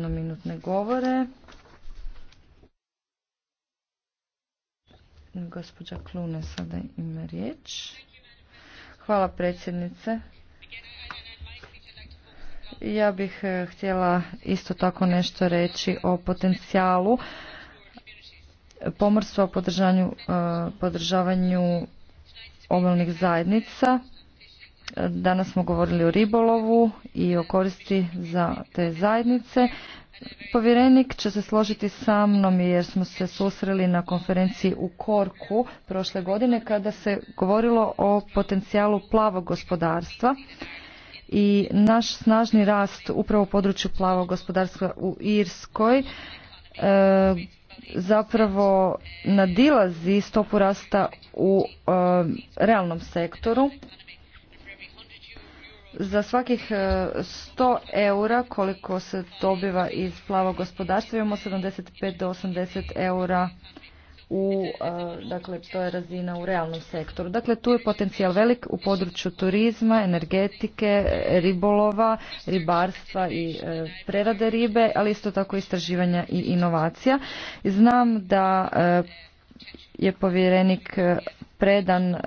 jednominutne govore. Gospođa Klune sada ima riječ. Hvala predsjednice. Ja bih e, htjela isto tako nešto reći o potencijalu pomorstva o e, podržavanju obalnih zajednica Danas smo govorili o ribolovu i o koristi za te zajednice. Povjerenik će se složiti sa mnom jer smo se susreli na konferenciji u Korku prošle godine kada se govorilo o potencijalu plavog gospodarstva i naš snažni rast upravo u području plavog gospodarstva u Irskoj e, zapravo nadilazi stopu rasta u e, realnom sektoru za svakih 100 e, eura koliko se dobiva iz plavog gospodarstva imamo 75 do 80 eura u, e, dakle to je razina u realnom sektoru. Dakle tu je potencijal velik u području turizma, energetike, ribolova, ribarstva i e, prerade ribe, ali isto tako istraživanja i inovacija. Znam da je povjerenik predan e,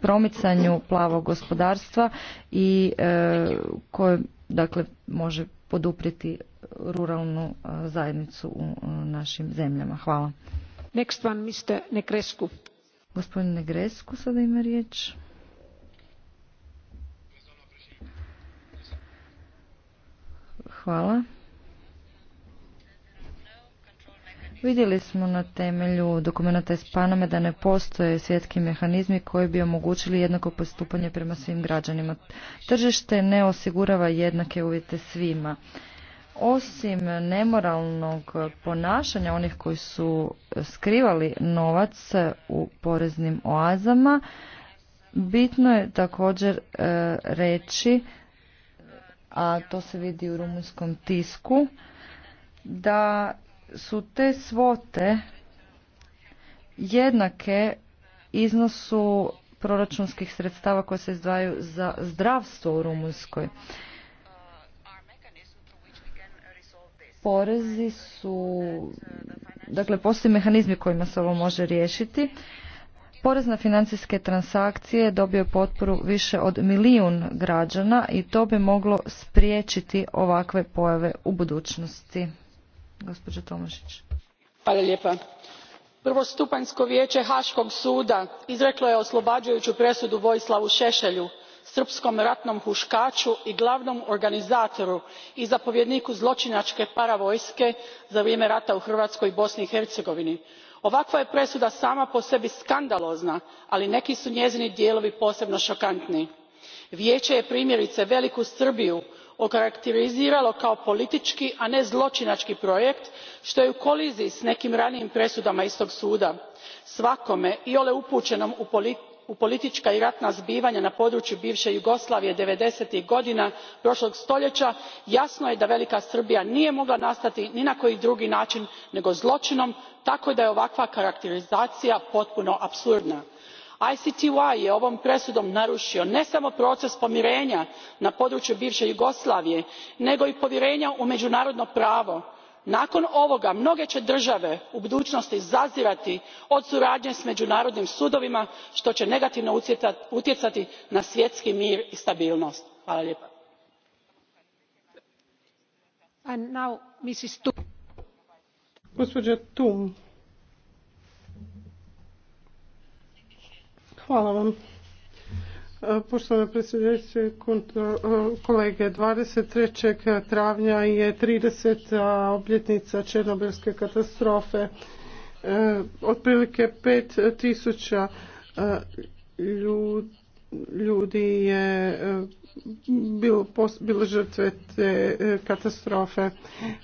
promicanju plavog gospodarstva i e, koje dakle može poduprijeti ruralnu e, zajednicu u našim zemljama. Hvala. Next one, Mr. Negrescu. Gospodin Negrescu sada ima riječ. Hvala. Vidjeli smo na temelju dokumenta iz Paname da ne postoje svjetski mehanizmi koji bi omogućili jednako postupanje prema svim građanima. Tržište ne osigurava jednake uvjete svima. Osim nemoralnog ponašanja onih koji su skrivali novac u poreznim oazama, bitno je također e, reći, a to se vidi u rumunskom tisku, da su te svote jednake iznosu proračunskih sredstava koje se izdvaju za zdravstvo u Rumunjskoj. Porezi su, dakle postoji mehanizmi kojima se ovo može riješiti. Porez na financijske transakcije dobio je potporu više od milijun građana i to bi moglo spriječiti ovakve pojave u budućnosti. Gospođa Tomašić. Hvala lijepa. Prvostupanjsko vijeće Haškog suda izreklo je oslobađajuću presudu Vojislavu Šešelju, srpskom ratnom huškaču i glavnom organizatoru i zapovjedniku zločinačke paravojske za vrijeme rata u hrvatskoj i bosni i hercegovini. ovakva je presuda sama po sebi skandalozna ali neki su njezini dijelovi posebno šokantni. vijeće je primjerice veliku srbiju okarakteriziralo kao politički a ne zločinački projekt što je u koliziji s nekim ranijim presudama istog suda. svakome iole upućenom u politička i ratna zbivanja na području bivše jugoslavije devedesetih godina prošlog stoljeća jasno je da velika srbija nije mogla nastati ni na koji drugi način nego zločinom tako da je ovakva karakterizacija potpuno apsurdna icty je ovom presudom narušio ne samo proces pomirenja na području bivše jugoslavije nego i povjerenja u međunarodno pravo. nakon ovoga mnoge će države u budućnosti zazirati od suradnje s međunarodnim sudovima što će negativno utjecati na svjetski mir i stabilnost. Hvala vam. E, Poštovane predsjednice, e, kolege, 23. travnja je 30. E, obljetnica Černobilske katastrofe. Otprilike 5000 ljudi ljudi je bilo, e, bilo žrtve te e, katastrofe.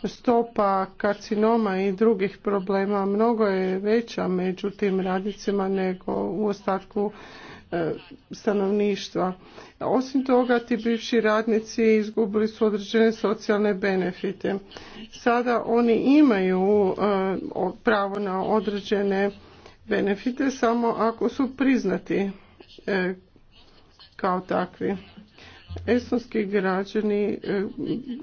Stopa karcinoma i drugih problema mnogo je veća među tim radnicima nego u ostatku e, stanovništva. Osim toga, ti bivši radnici izgubili su određene socijalne benefite. Sada oni imaju pravo na određene benefite samo ako su priznati kao takvi. Estonski građani e,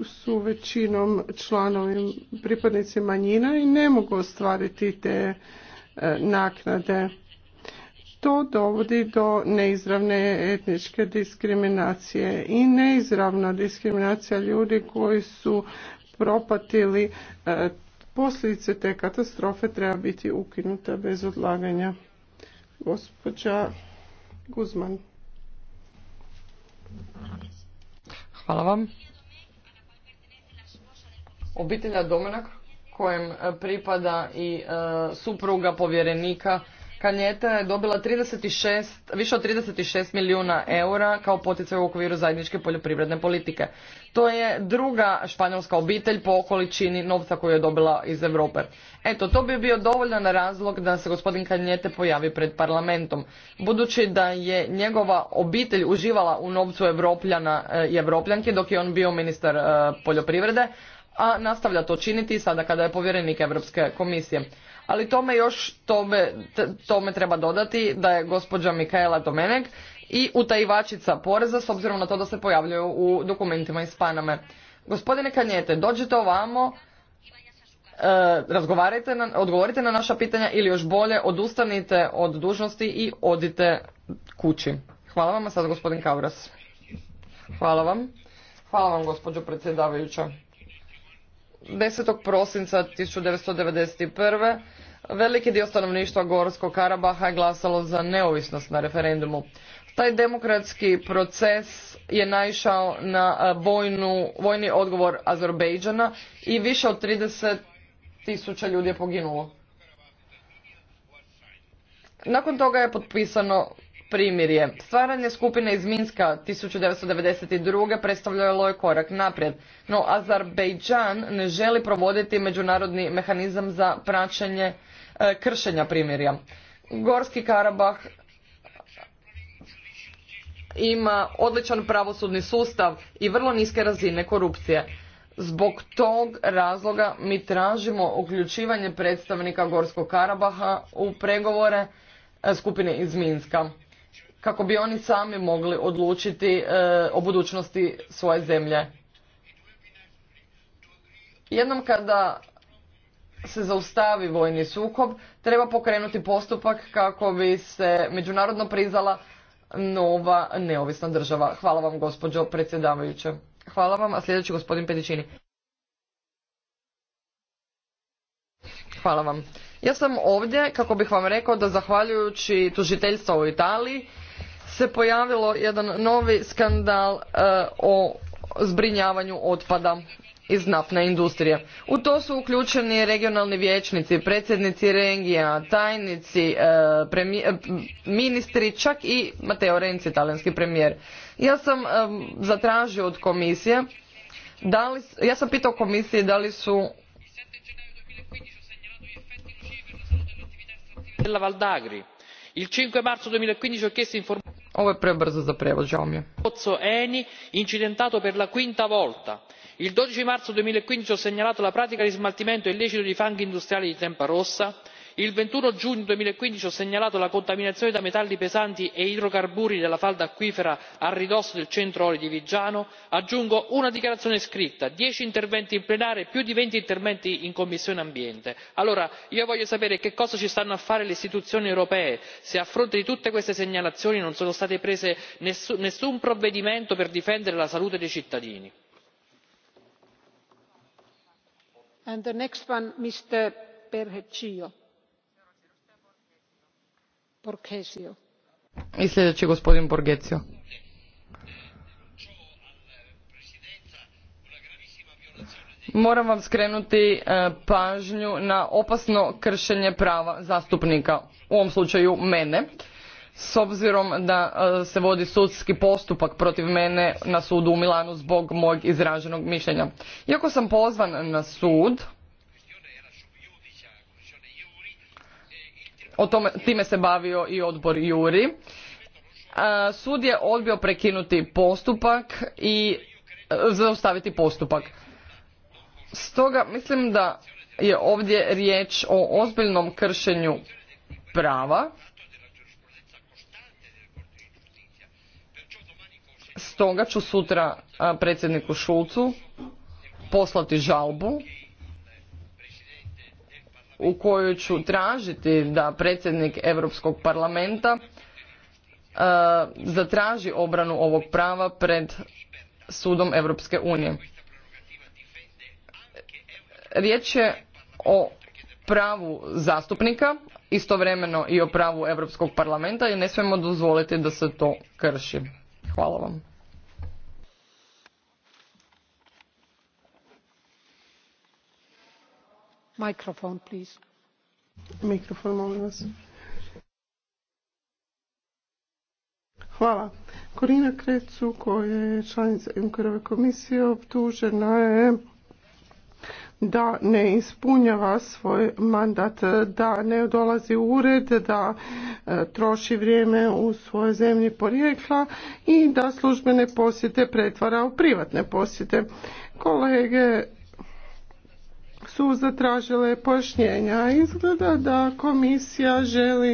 su većinom članovi pripadnici manjina i ne mogu ostvariti te e, naknade. To dovodi do neizravne etničke diskriminacije i neizravna diskriminacija ljudi koji su propatili e, posljedice te katastrofe treba biti ukinuta bez odlaganja. Gospođa Guzman. Hvala vam. Obitelja Domenak kojem pripada i e, supruga povjerenika Kanjeta je dobila 36, više od 36 milijuna eura kao poticaj u okviru zajedničke poljoprivredne politike. To je druga španjolska obitelj po količini novca koju je dobila iz Europe. Eto, to bi bio dovoljan razlog da se gospodin Kanjete pojavi pred parlamentom. Budući da je njegova obitelj uživala u novcu Evropljana eh, i Evropljanke dok je on bio ministar eh, poljoprivrede, a nastavlja to činiti sada kada je povjerenik Europske komisije ali tome još tome, tome treba dodati da je gospođa Mikaela Domenek i utajivačica poreza s obzirom na to da se pojavljuju u dokumentima iz Paname. Gospodine Kanjete, dođite ovamo, e, razgovarajte, odgovorite na naša pitanja ili još bolje odustanite od dužnosti i odite kući. Hvala vam, a sad gospodin Kauras. Hvala vam. Hvala vam, gospođo predsjedavajuća. 10. prosinca 1991. veliki dio stanovništva Gorskog Karabaha je glasalo za neovisnost na referendumu. Taj demokratski proces je naišao na e, vojnu, vojni odgovor Azerbejdžana i više od 30 tisuća ljudi je poginulo. Nakon toga je potpisano primirje. Stvaranje skupine iz Minska 1992. predstavljalo je korak naprijed, no Azerbejdžan ne želi provoditi međunarodni mehanizam za praćenje e, kršenja primirja. Gorski Karabah ima odličan pravosudni sustav i vrlo niske razine korupcije. Zbog tog razloga mi tražimo uključivanje predstavnika Gorskog Karabaha u pregovore e, skupine iz Minska kako bi oni sami mogli odlučiti e, o budućnosti svoje zemlje. Jednom kada se zaustavi vojni sukob, treba pokrenuti postupak kako bi se međunarodno priznala nova neovisna država. Hvala vam gospođo predsjedavajuće. Hvala vam, a sljedeći gospodin Hvala vam. Ja sam ovdje kako bih vam rekao da zahvaljujući tužiteljstva u Italiji se pojavilo jedan novi skandal e, o zbrinjavanju otpada iz naftne industrije. U to su uključeni regionalni vijećnici, predsjednici regija, tajnici, e, e, ministri, čak i Mateo Renzi, talijanski premijer. Ja sam zatražio od komisije, ja sam pitao komisije da li su Il 5 ovo je prebrzo za Pozzo Eni, incidentato per la quinta volta. Il 12 marzo 2015 ho segnalato la pratica di smaltimento illecito di fanghi industriali di Tempa Rossa, il ventiuno giugno duemilaquindici ho segnalato la contaminazione da metalli pesanti e idrocarburi della falda acquifera a ridosso del centro olio di viggiano aggiungo una dichiarazione scritta dieci interventi in plenaria e più di venti interventi in commissione ambiente. allora io voglio sapere che cosa ci stanno a fare le istituzioni europee se a fronte di tutte queste segnalazioni non sono state prese nessun provvedimento per difendere la salute dei cittadini. I gospodin Moram vam skrenuti e, pažnju na opasno kršenje prava zastupnika, u ovom slučaju mene, s obzirom da e, se vodi sudski postupak protiv mene na sudu u Milanu zbog mog izraženog mišljenja. Iako sam pozvan na sud, o time se bavio i odbor Juri. E, sud je odbio prekinuti postupak i e, zaustaviti postupak. Stoga mislim da je ovdje riječ o ozbiljnom kršenju prava. Stoga ću sutra predsjedniku Šulcu poslati žalbu u kojoj ću tražiti da predsjednik Europskog parlamenta e, zatraži obranu ovog prava pred sudom Europske unije. Riječ je o pravu zastupnika, istovremeno i o pravu Europskog parlamenta i ne smijemo dozvoliti da se to krši. Hvala vam. Mikrofon, please. molim vas. Hvala. Korina Krecu, koja je članica junckerove komisije, optužena je da ne ispunjava svoj mandat, da ne dolazi u ured, da e, troši vrijeme u svojoj zemlji porijekla i da službene posjete pretvara u privatne posjete. Kolege su zatražile pojašnjenja. Izgleda da komisija želi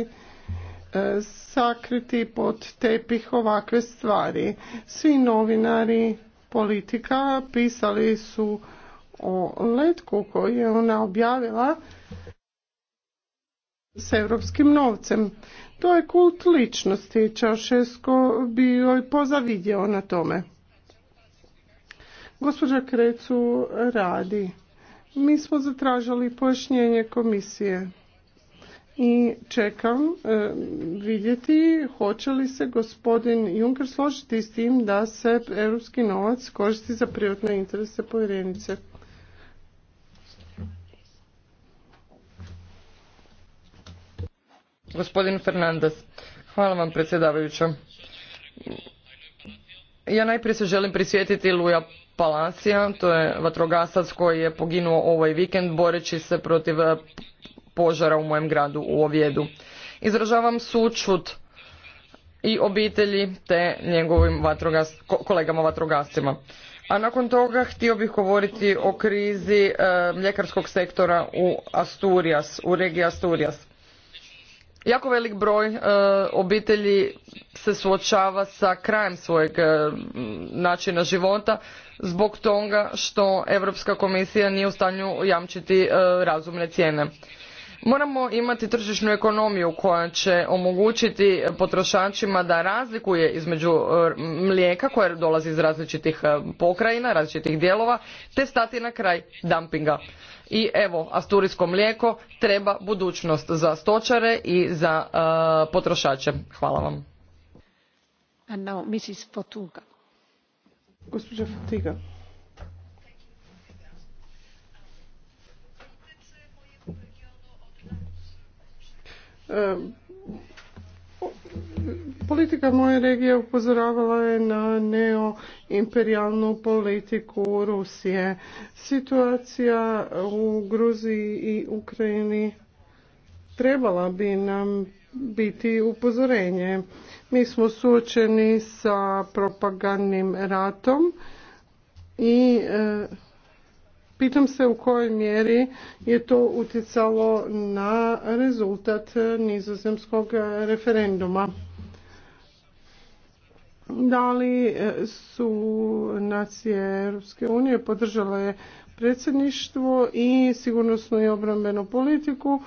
e, sakriti pod tepih ovakve stvari. Svi novinari politika pisali su o letku koji je ona objavila s europskim novcem. To je kult ličnosti. Čašesko bi joj pozavidio na tome. Gospođa Krecu radi. Mi smo zatražali pojašnjenje komisije i čekam e, vidjeti hoće li se gospodin Juncker složiti s tim da se europski novac koristi za privatne interese povjerenice. Gospodin Fernandez, hvala vam predsjedavajuća. Ja najprije se želim prisjetiti Luja Palacija, to je vatrogasac koji je poginuo ovaj vikend boreći se protiv eh, požara u mojem gradu u Ovjedu. Izražavam sučut i obitelji te njegovim vatrogas, kolegama vatrogascima. A nakon toga htio bih govoriti o krizi eh, mljekarskog sektora u Asturias, u regiji Asturias jako velik broj e, obitelji se suočava sa krajem svojeg e, načina života zbog toga što europska komisija nije u stanju jamčiti e, razumne cijene Moramo imati tržišnu ekonomiju koja će omogućiti potrošačima da razlikuje između e, mlijeka koje dolazi iz različitih e, pokrajina, različitih dijelova, te stati na kraj dumpinga. I evo, asturijsko mlijeko treba budućnost za stočare i za e, potrošače. Hvala vam. Politika moje regije upozoravala je na neoimperijalnu politiku Rusije. Situacija u Gruziji i Ukrajini trebala bi nam biti upozorenje. Mi smo suočeni sa propagandnim ratom i e, Pitam se u kojoj mjeri je to utjecalo na rezultat nizozemskog referenduma. Da li su nacije Europske unije podržale predsjedništvo i sigurnosnu i obrambenu politiku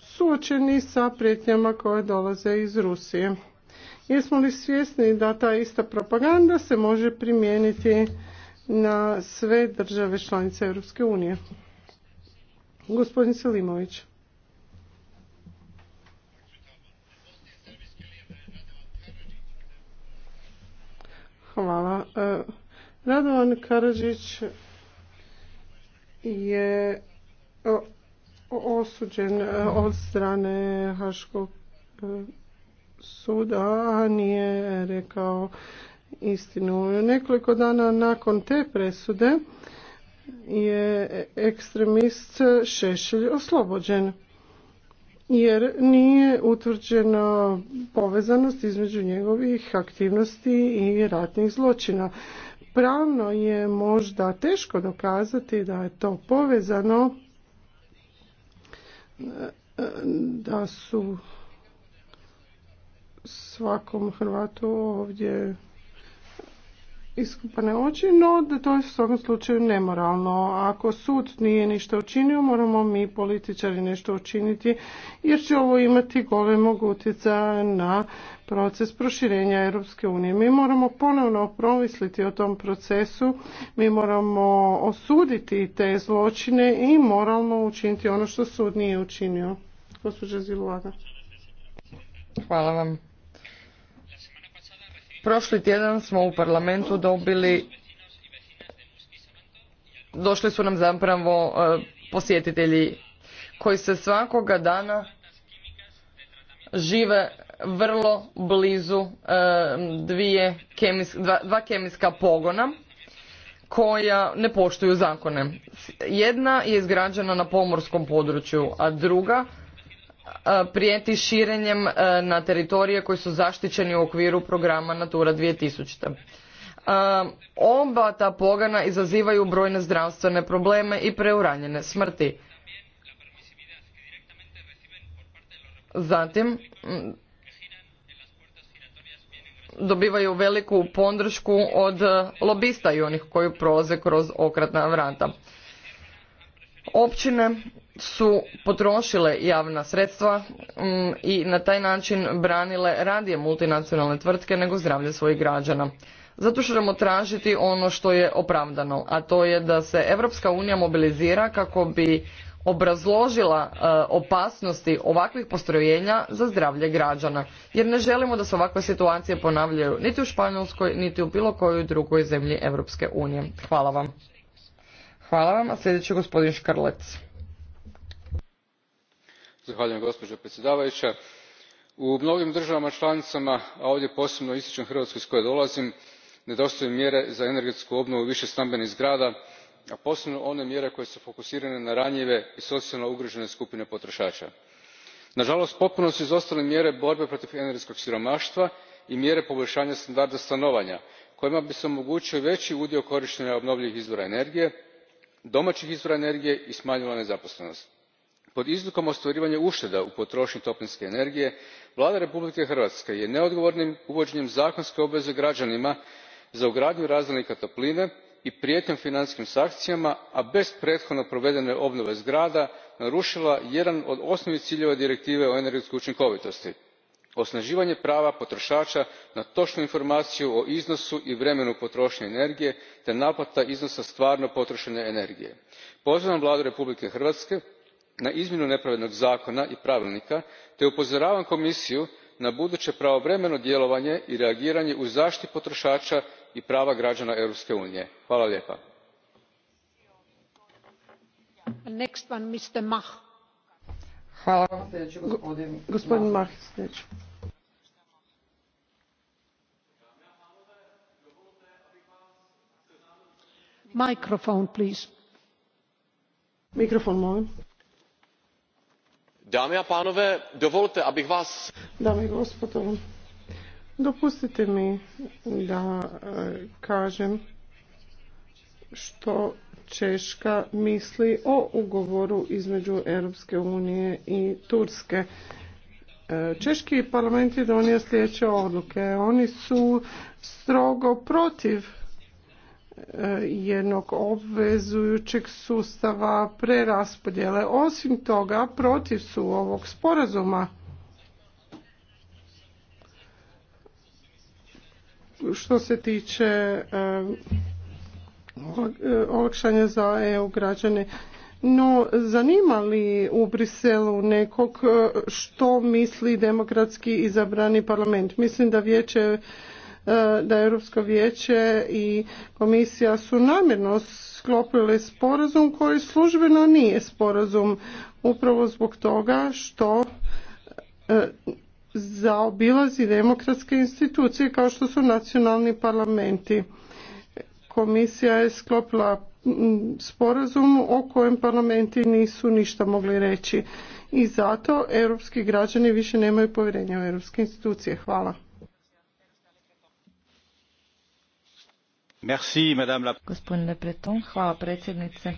suočeni sa prijetnjama koje dolaze iz Rusije. Jesmo li svjesni da ta ista propaganda se može primijeniti na sve države članice Europske unije. Gospodin Selimović. Hvala. E, Radovan Karadžić je osuđen e, od strane Haškog e, suda, a nije rekao istinu. Nekoliko dana nakon te presude je ekstremist Šešelj oslobođen jer nije utvrđena povezanost između njegovih aktivnosti i ratnih zločina. Pravno je možda teško dokazati da je to povezano da su svakom Hrvatu ovdje iskupane oči, no da to je u svakom slučaju nemoralno. Ako sud nije ništa učinio, moramo mi političari nešto učiniti, jer će ovo imati gole utjecaja na proces proširenja Europske unije. Mi moramo ponovno promisliti o tom procesu, mi moramo osuditi te zločine i moralno učiniti ono što sud nije učinio. Gospođa Ziluaga. Hvala vam Prošli tjedan smo u parlamentu dobili, došli su nam zapravo e, posjetitelji koji se svakoga dana žive vrlo blizu e, dvije dva, dva kemijska pogona koja ne poštuju zakone. Jedna je izgrađena na pomorskom području, a druga E, prijeti širenjem e, na teritorije koji su zaštićeni u okviru programa Natura 2000. E, oba ta pogana izazivaju brojne zdravstvene probleme i preuranjene smrti. Zatim, dobivaju veliku podršku od lobista i onih koji prolaze kroz okratna vrata. Općine su potrošile javna sredstva mm, i na taj način branile radije multinacionalne tvrtke nego zdravlje svojih građana. Zato ćemo tražiti ono što je opravdano, a to je da se Europska unija mobilizira kako bi obrazložila e, opasnosti ovakvih postrojenja za zdravlje građana. Jer ne želimo da se ovakve situacije ponavljaju niti u Španjolskoj, niti u bilo kojoj drugoj zemlji Europske unije. Hvala vam. Hvala vam, a sljedeći gospodin Škrlec gospođo predsjedavajuća. u mnogim državama članicama a ovdje posebno ističem hrvatsku iz koje dolazim nedostaju mjere za energetsku obnovu višestambenih zgrada a posebno one mjere koje su fokusirane na ranjive i socijalno ugrožene skupine potrošača. nažalost potpuno su izostale mjere borbe protiv energetskog siromaštva i mjere poboljšanja standarda stanovanja kojima bi se omogućio veći udio korištenja obnovljivih izvora energije domaćih izvora energije i smanjila nezaposlenost pod izlikom ostvarivanja ušteda u potrošnji toplinske energije vlada republike hrvatske je neodgovornim uvođenjem zakonske obveze građanima za ugradnju razdjelnika topline i prijetnjom financijskim sankcijama a bez prethodno provedene obnove zgrada narušila jedan od osnovnih ciljeva direktive o energetskoj učinkovitosti osnaživanje prava potrošača na točnu informaciju o iznosu i vremenu potrošnje energije te naplata iznosa stvarno potrošene energije. pozivam vladu republike hrvatske na izmjenu nepravednog zakona i pravilnika te upozoravam komisiju na buduće pravovremeno djelovanje i reagiranje u zaštiti potrošača i prava graana europske unije. Dame vas... Dame i gospodo, dopustite mi da e, kažem što Češka misli o ugovoru između Europske unije i Turske. E, Češki parlament je donio sljedeće odluke. Oni su strogo protiv jednog obvezujućeg sustava preraspodjele. Osim toga, protiv su ovog sporazuma što se tiče eh, olakšanja za EU građane. No, zanima li u Briselu nekog eh, što misli demokratski izabrani parlament? Mislim da vijeće E, da Europsko vijeće i komisija su namjerno sklopili sporazum koji službeno nije sporazum upravo zbog toga što e, zaobilazi demokratske institucije kao što su nacionalni parlamenti. Komisija je sklopila sporazum o kojem parlamenti nisu ništa mogli reći. I zato europski građani više nemaju povjerenja u europske institucije. Hvala. Merci, madame la... Gospodine Breton, hvala predsjednice.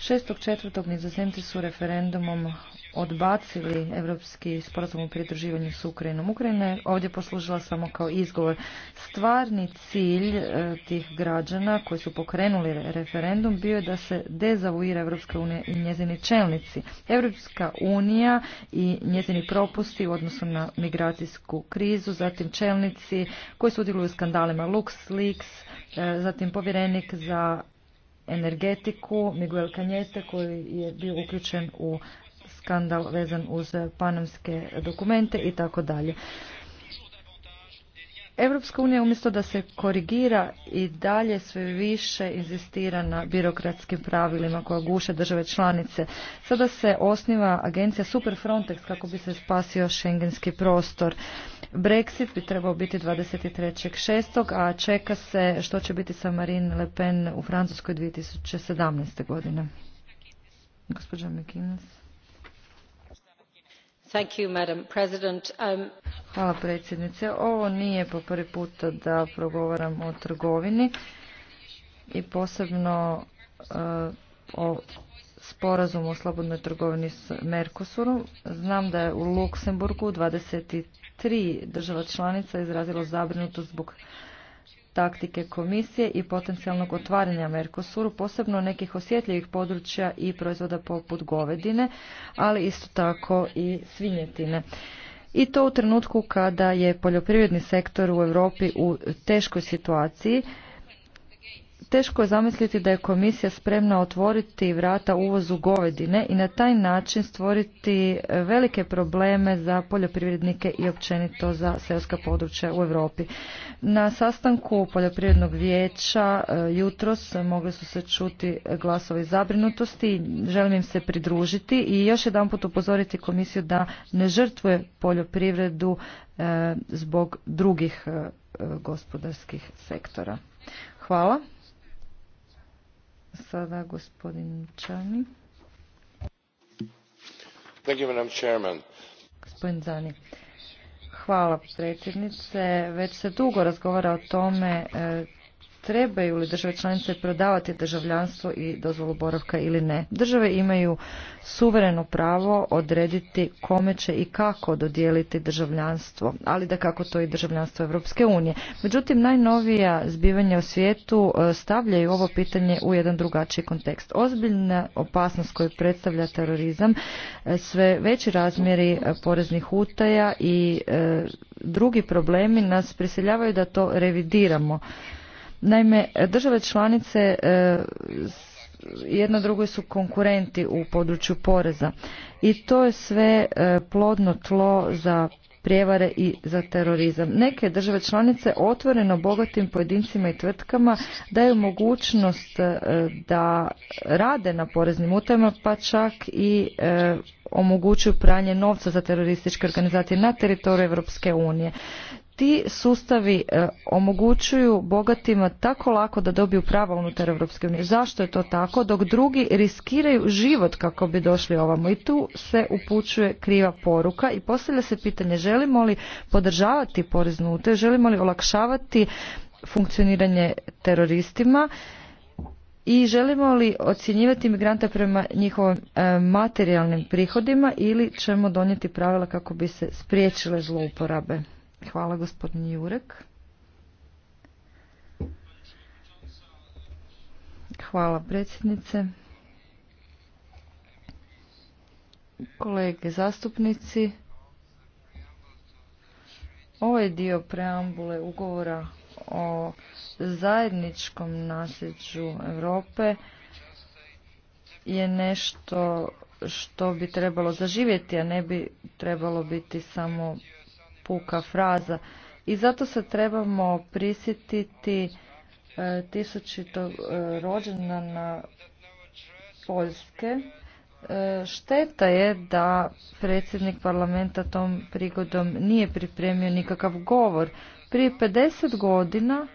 6.4. nizozemci su referendumom odbacili Europski sporazum o pridruživanju s Ukrajinom. Ukrajina je ovdje poslužila samo kao izgovor. Stvarni cilj e, tih građana koji su pokrenuli referendum bio je da se dezavuira Evropska unija i njezini čelnici. Evropska unija i njezini propusti u odnosu na migracijsku krizu, zatim čelnici koji sudjeluju u skandalima LuxLeaks, e, zatim povjerenik za energetiku, Miguel Kanjete koji je bio uključen u skandal vezan uz panamske dokumente i tako dalje. Evropska unija umjesto da se korigira i dalje sve više inzistira na birokratskim pravilima koja guše države članice. Sada se osniva agencija Super Frontex kako bi se spasio šengenski prostor. Brexit bi trebao biti 23.6. a čeka se što će biti sa Marine Le Pen u Francuskoj 2017. godine. Gospođa McInnes. Thank you, Madam President. Um, Hvala predsjednice. Ovo nije po prvi puta da progovaram o trgovini i posebno e, o sporazumu o slobodnoj trgovini s Mercosurom. Znam da je u Luksemburgu 23 država članica izrazilo zabrinutost zbog taktike komisije i potencijalnog otvaranja Merkosuru, posebno nekih osjetljivih područja i proizvoda poput govedine, ali isto tako i svinjetine i to u trenutku kada je poljoprivredni sektor u Europi u teškoj situaciji Teško je zamisliti da je komisija spremna otvoriti vrata uvozu govedine i na taj način stvoriti e, velike probleme za poljoprivrednike i općenito za seoska područja u Europi. Na sastanku poljoprivrednog vijeća e, jutros mogli su se čuti glasovi zabrinutosti. Želim im se pridružiti i još jedanput upozoriti komisiju da ne žrtvuje poljoprivredu e, zbog drugih gospodarskih sektora. Hvala sada gospodin Čani. Gospodin Zani. Hvala predsjednice. Već se dugo razgovara o tome e, trebaju li države članice prodavati državljanstvo i dozvolu boravka ili ne. Države imaju suvereno pravo odrediti kome će i kako dodijeliti državljanstvo, ali da kako to i državljanstvo Europske unije. Međutim, najnovija zbivanja u svijetu e, stavljaju ovo pitanje u jedan drugačiji kontekst. Ozbiljna opasnost koju predstavlja terorizam, e, sve veći razmjeri e, poreznih utaja i drugi problemi nas prisiljavaju da to revidiramo Naime, države članice e, jedno drugoj su konkurenti u području poreza i to je sve e, plodno tlo za prijevare i za terorizam. Neke države članice otvoreno bogatim pojedincima i tvrtkama daju mogućnost e, da rade na poreznim utajama pa čak i omogućuju pranje novca za terorističke organizacije na teritoriju Europske unije ti sustavi e, omogućuju bogatima tako lako da dobiju prava unutar Europske unije. Zašto je to tako? Dok drugi riskiraju život kako bi došli ovamo i tu se upućuje kriva poruka i postavlja se pitanje želimo li podržavati poreznu želimo li olakšavati funkcioniranje teroristima i želimo li ocjenjivati migrante prema njihovim e, materijalnim prihodima ili ćemo donijeti pravila kako bi se spriječile zlouporabe. Hvala gospodin Jurek. Hvala predsjednice. Kolege zastupnici, ovaj dio preambule ugovora o zajedničkom nasljeđu Europe je nešto što bi trebalo zaživjeti, a ne bi trebalo biti samo puka fraza i zato se trebamo prisjetiti e, tisućitog e, na Poljske. E, šteta je da predsjednik parlamenta tom prigodom nije pripremio nikakav govor. Prije 50 godina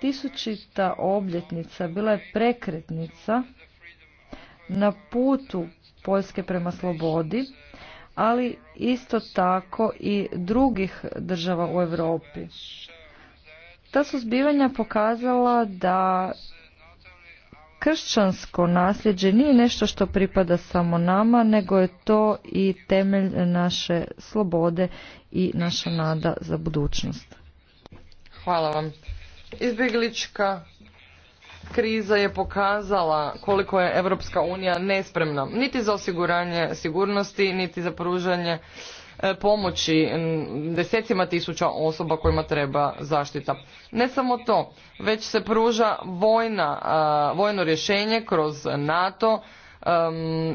tisućita obljetnica bila je prekretnica na putu Poljske prema slobodi ali isto tako i drugih država u Europi. Ta su zbivanja pokazala da kršćansko nasljeđe nije nešto što pripada samo nama, nego je to i temelj naše slobode i naša nada za budućnost. Hvala vam. Izbjeglička kriza je pokazala koliko je Europska unija nespremna niti za osiguranje sigurnosti, niti za pružanje e, pomoći desecima tisuća osoba kojima treba zaštita. Ne samo to, već se pruža vojna, vojno rješenje kroz NATO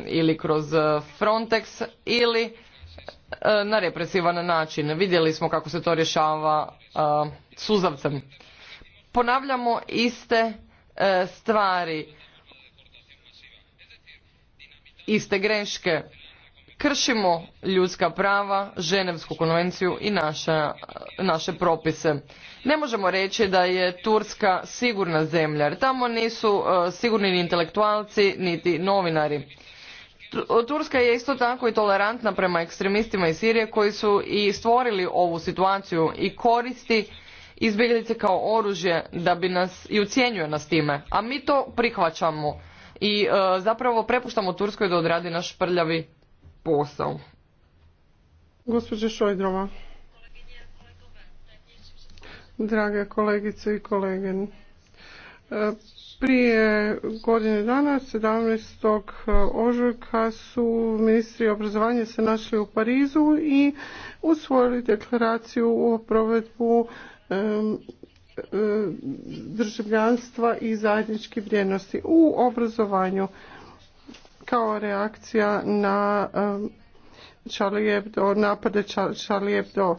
ili kroz Frontex ili e, na represivan način. Vidjeli smo kako se to rješava suzavcem. Ponavljamo iste E, stvari iste greške kršimo ljudska prava, Ženevsku konvenciju i naše, naše propise. Ne možemo reći da je Turska sigurna zemlja, jer tamo nisu e, sigurni ni intelektualci, niti novinari. Turska je isto tako i tolerantna prema ekstremistima iz Sirije koji su i stvorili ovu situaciju i koristi izbjeglice kao oružje da bi nas i ucjenjuje nas time. A mi to prihvaćamo i e, zapravo prepuštamo Turskoj da odradi naš prljavi posao. Gospođa Šojdrova. Drage kolegice i kolege, e, prije godine dana, 17. E, ožujka, su ministri obrazovanja se našli u Parizu i usvojili deklaraciju o provedbu državljanstva i zajednički vrijednosti u obrazovanju kao reakcija na napade Charlie Hebdo.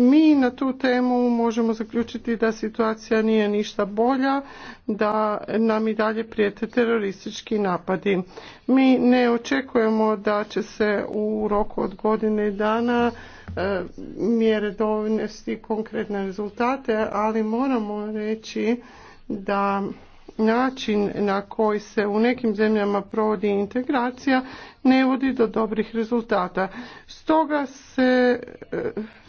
Mi na tu temu možemo zaključiti da situacija nije ništa bolja, da nam i dalje prijete teroristički napadi. Mi ne očekujemo da će se u roku od godine dana e, mjere dovesti konkretne rezultate, ali moramo reći da način na koji se u nekim zemljama provodi integracija ne vodi do dobrih rezultata. Stoga se e,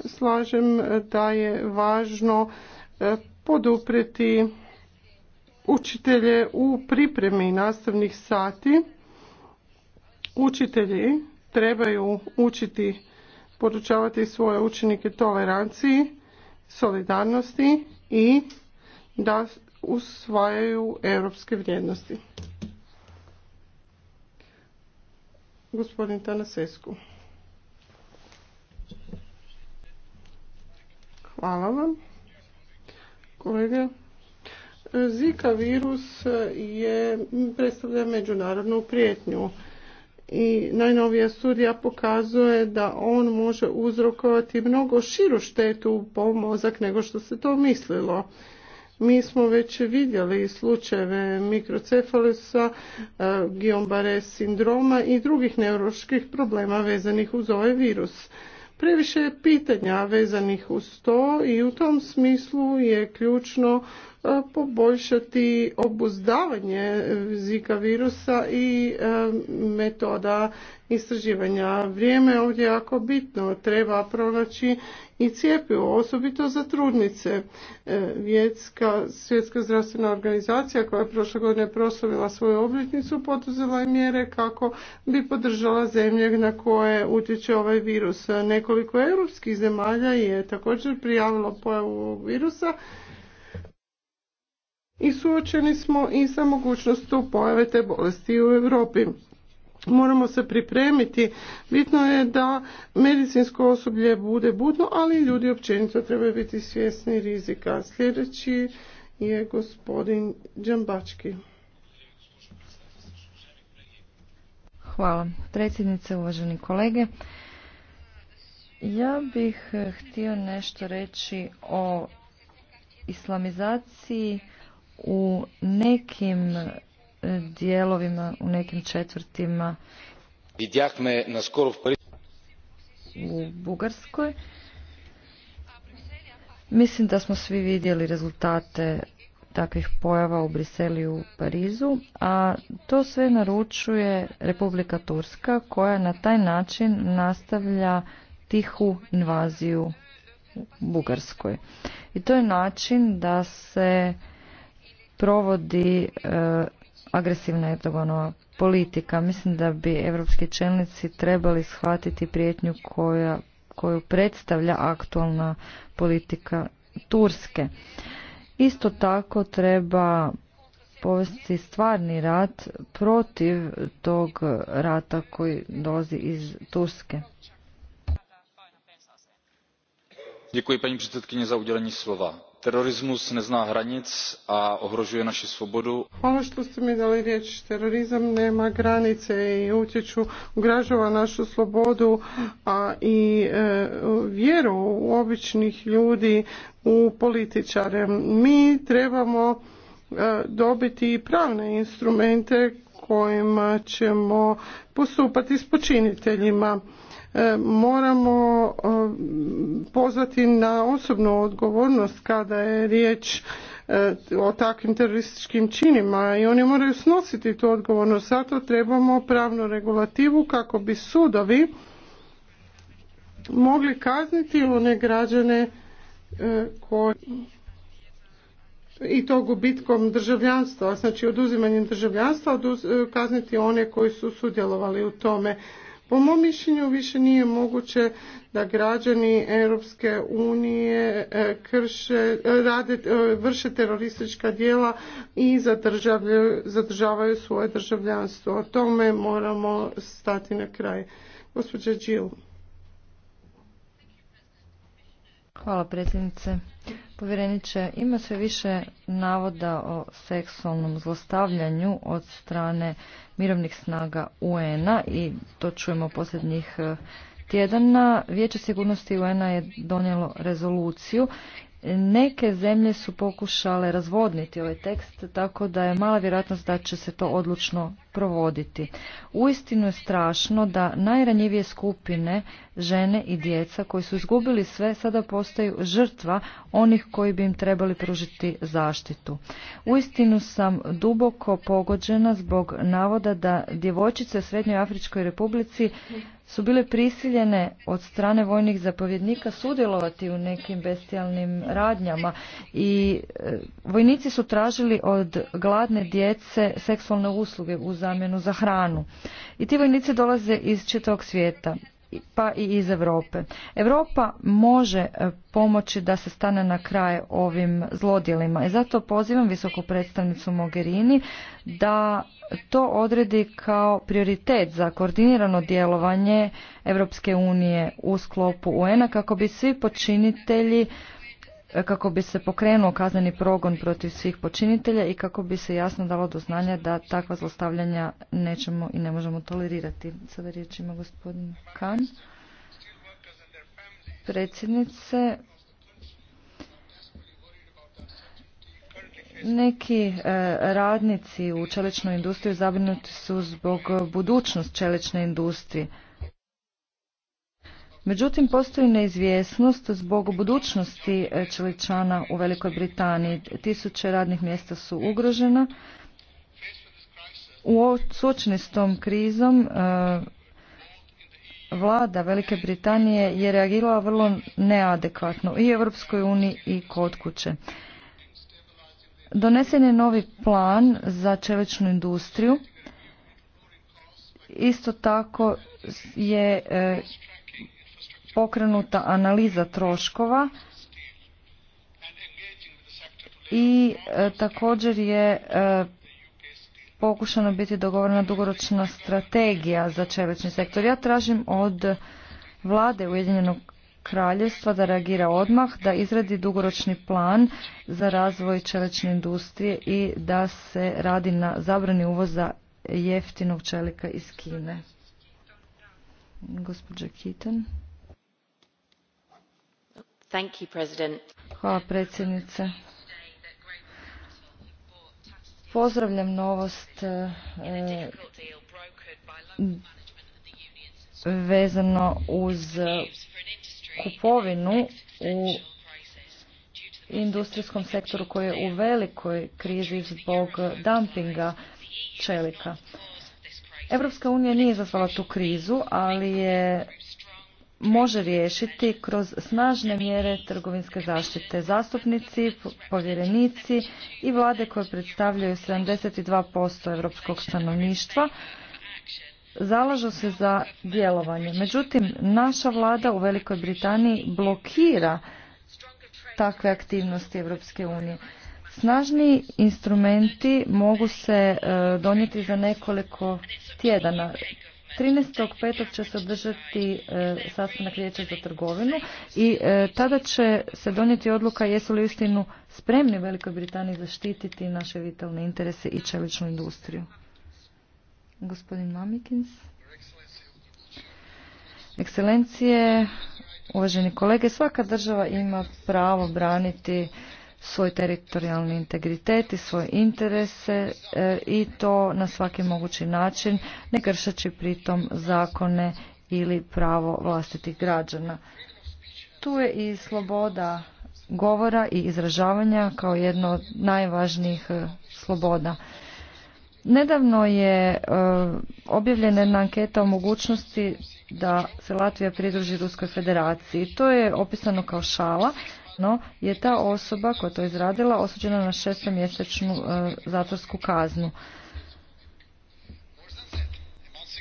slažem da je važno e, podupreti učitelje u pripremi nastavnih sati. Učitelji trebaju učiti podučavati svoje učenike toleranciji, solidarnosti i da usvajaju europske vrijednosti. Gospodin Tanasescu. Hvala vam. Kolege, Zika virus je, predstavlja međunarodnu prijetnju i najnovija studija pokazuje da on može uzrokovati mnogo širu štetu po mozak nego što se to mislilo mi smo već vidjeli slučajeve mikrocefalisa, e, guillain sindroma i drugih neuroloških problema vezanih uz ovaj virus. Previše je pitanja vezanih uz to i u tom smislu je ključno E, poboljšati obuzdavanje zika virusa i e, metoda istraživanja. Vrijeme je ovdje jako bitno, treba pronaći i cijepivo, osobito za trudnice. E, vjetska, svjetska zdravstvena organizacija koja je prošle godine proslavila svoju obljetnicu poduzela je mjere kako bi podržala zemlje na koje utječe ovaj virus. Nekoliko europskih zemalja je također prijavilo pojavu virusa i suočeni smo i sa mogućnošću pojave te bolesti u Europi. Moramo se pripremiti. Bitno je da medicinsko osoblje bude budno, ali ljudi općenito trebaju biti svjesni rizika. Sljedeći je gospodin Đambački. Hvala. Predsjednice, uvaženi kolege. Ja bih htio nešto reći o islamizaciji u nekim e, dijelovima, u nekim četvrtima u Bugarskoj. Mislim da smo svi vidjeli rezultate takvih pojava u Briselu i u Parizu, a to sve naručuje Republika Turska koja na taj način nastavlja tihu invaziju u Bugarskoj. I to je način da se provodi e, agresivna Erdoganova politika. Mislim da bi evropski čelnici trebali shvatiti prijetnju koja, koju predstavlja aktualna politika Turske. Isto tako treba povesti stvarni rat protiv tog rata koji dolazi iz Turske. Děkuji paní za udělení slova terorismus ne hranic a ohrožuje naši svobodu. Hvala ono što ste mi dali riječ. Terorizam nema granice i utječu, ugražava našu slobodu a i e, vjeru u običnih ljudi, u političare. Mi trebamo e, dobiti pravne instrumente kojima ćemo postupati s počiniteljima E, moramo e, pozvati na osobnu odgovornost kada je riječ e, o takvim terorističkim činima i oni moraju snositi tu odgovornost. Zato trebamo pravnu regulativu kako bi sudovi mogli kazniti one građane koji i to gubitkom državljanstva, znači oduzimanjem državljanstva kazniti one koji su sudjelovali u tome. Po mom mišljenju više nije moguće da građani Europske unije e, krše, e, rade, e, vrše teroristička djela i zadržavaju, svoje državljanstvo. O tome moramo stati na kraj. Gospođa Hvala predsjednice. Povjereniče, ima sve više navoda o seksualnom zlostavljanju od strane mirovnih snaga UN-a i to čujemo posljednjih eh, tjedana. Vijeće sigurnosti UN-a je donijelo rezoluciju Neke zemlje su pokušale razvodniti ovaj tekst, tako da je mala vjerojatnost da će se to odlučno provoditi. Uistinu je strašno da najranjivije skupine, žene i djeca koji su izgubili sve, sada postaju žrtva onih koji bi im trebali pružiti zaštitu. Uistinu sam duboko pogođena zbog navoda da djevojčice u Srednjoj Afričkoj Republici su bile prisiljene od strane vojnih zapovjednika sudjelovati u nekim bestijalnim radnjama i e, vojnici su tražili od gladne djece seksualne usluge u zamjenu za hranu. I ti vojnici dolaze iz čitavog svijeta pa i iz Europe. Europa može e, pomoći da se stane na kraj ovim zlodjelima i zato pozivam visoku predstavnicu Mogherini da to odredi kao prioritet za koordinirano djelovanje Europske unije u sklopu UN-a kako bi svi počinitelji kako bi se pokrenuo kazneni progon protiv svih počinitelja i kako bi se jasno dalo do znanja da takva zlostavljanja nećemo i ne možemo tolerirati. Sada riječ ima gospodin Kan. Predsjednice, neki e, radnici u čeličnoj industriji zabrinuti su zbog budućnost čelične industrije. Međutim, postoji neizvjesnost zbog budućnosti e, čeličana u Velikoj Britaniji. Tisuće radnih mjesta su ugrožena. U suočni s tom krizom e, vlada Velike Britanije je reagirala vrlo neadekvatno i Europskoj uniji i kod kuće. Donesen je novi plan za čeličnu industriju. Isto tako je e, pokrenuta analiza troškova i e, također je e, pokušano biti dogovorena dugoročna strategija za čelični sektor. Ja tražim od vlade Ujedinjenog kraljevstva da reagira odmah, da izradi dugoročni plan za razvoj čelične industrije i da se radi na zabrani uvoza jeftinog čelika iz Kine. Gospođa kitan Hvala predsjednice. Pozdravljam novost e, e, vezano uz kupovinu u industrijskom sektoru koji je u velikoj krizi zbog dumpinga čelika. Europska unija nije izazvala tu krizu, ali je može riješiti kroz snažne mjere trgovinske zaštite. Zastupnici, povjerenici i vlade koje predstavljaju 72% europskog stanovništva zalažu se za djelovanje. Međutim, naša vlada u Velikoj Britaniji blokira takve aktivnosti Europske unije. Snažni instrumenti mogu se e, donijeti za nekoliko tjedana. 13.5. će se održati e, sastanak vijeća za trgovinu i e, tada će se donijeti odluka jesu li uistinu spremni Velikoj Britaniji zaštititi naše vitalne interese i čeličnu industriju. Gospodin Mamikins. Ekscelencije, uvaženi kolege, svaka država ima pravo braniti svoj teritorijalni integritet i svoje interese e, i to na svaki mogući način, ne kršeći pritom zakone ili pravo vlastitih građana. Tu je i sloboda govora i izražavanja kao jedno od najvažnijih e, sloboda. Nedavno je e, objavljena jedna anketa o mogućnosti da se Latvija pridruži Ruskoj federaciji. To je opisano kao šala, je ta osoba koja to izradila osuđena na šestomjesečnu e, zatvorsku kaznu.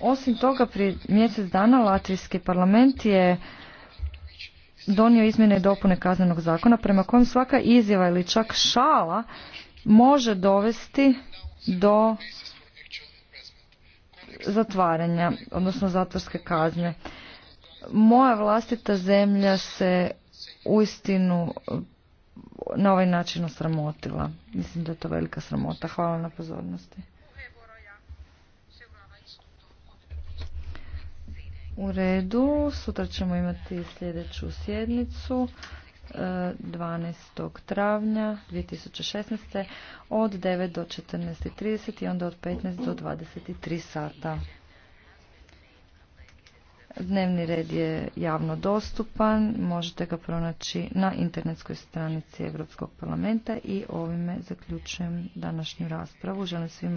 Osim toga, prije mjesec dana Latvijski parlament je donio izmjene i dopune kaznenog zakona prema kojem svaka izjava ili čak šala može dovesti do zatvaranja, odnosno zatvorske kazne. Moja vlastita zemlja se uistinu eh, na ovaj način osramotila. Mislim da je to velika sramota. Hvala na pozornosti. U redu, sutra ćemo imati sljedeću sjednicu 12. Eh, travnja 2016. od 9 do 14.30 i onda od 15 do 23 sata. Dnevni red je javno dostupan, možete ga pronaći na internetskoj stranici Europskog parlamenta i ovime zaključujem današnju raspravu. Želim svima